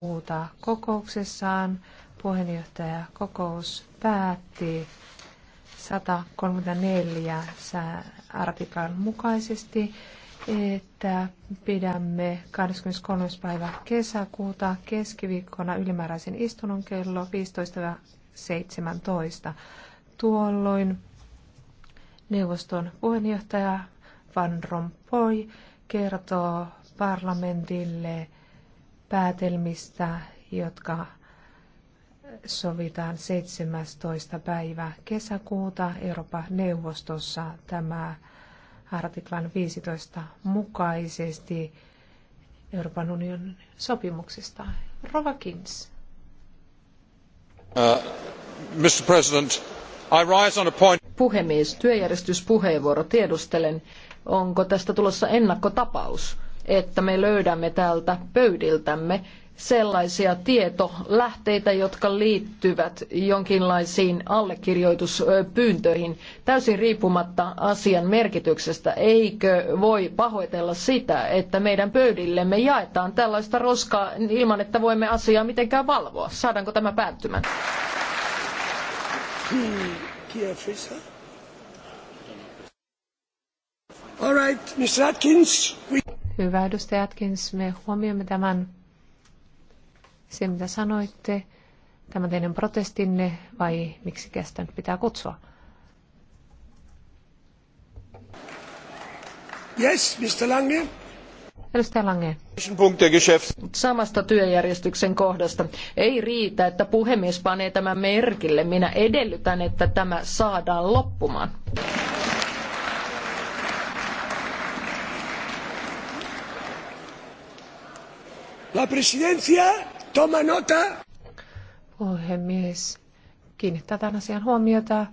muuta kokouksessaan. Puheenjohtaja kokous päätti 134 artiklan mukaisesti, että pidämme 23. päivä kesäkuuta keskiviikkona ylimääräisen istunnon kello 15.17. Tuolloin neuvoston puheenjohtaja Van Rompuy kertoo parlamentille päätelmistä, jotka sovitaan 17. päivä kesäkuuta Euroopan neuvostossa tämä artiklan 15 mukaisesti Euroopan unionin sopimuksesta. Kins. Uh, Mr. President, I rise on a point... Puhemies, työjärjestyspuheenvuoro. Tiedustelen, onko tästä tulossa ennakkotapaus? että me löydämme täältä pöydiltämme sellaisia tietolähteitä, jotka liittyvät jonkinlaisiin allekirjoituspyyntöihin täysin riippumatta asian merkityksestä. Eikö voi pahoitella sitä, että meidän pöydillemme jaetaan tällaista roskaa ilman, että voimme asiaa mitenkään valvoa? Saadaanko tämä päättymään? All right, Atkins. We... Hyvä edustaja Atkins, me huomioimme tämän, se mitä sanoitte, tämä teidän protestinne vai miksi kestä nyt pitää kutsua? Yes, Mr. Lange. Edustaja Lange. Samasta työjärjestyksen kohdasta. Ei riitä, että puhemies panee tämän merkille. Minä edellytän, että tämä saadaan loppumaan. La presidencia toma nota. Puhemies kiinnittää tämän asian huomiota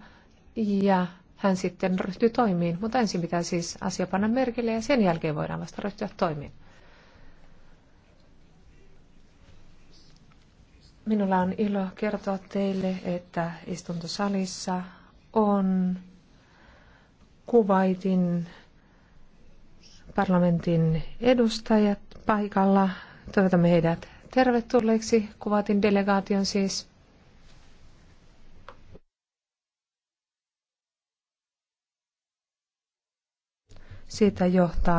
ja hän sitten ryhtyy toimiin. Mutta ensin pitää siis asia panna merkille ja sen jälkeen voidaan vasta ryhtyä toimiin. Minulla on ilo kertoa teille, että istuntosalissa on Kuvaitin parlamentin edustajat paikalla Toivotamme heidät tervetulleeksi. Kuvatin delegaation siis. Siitä johtaa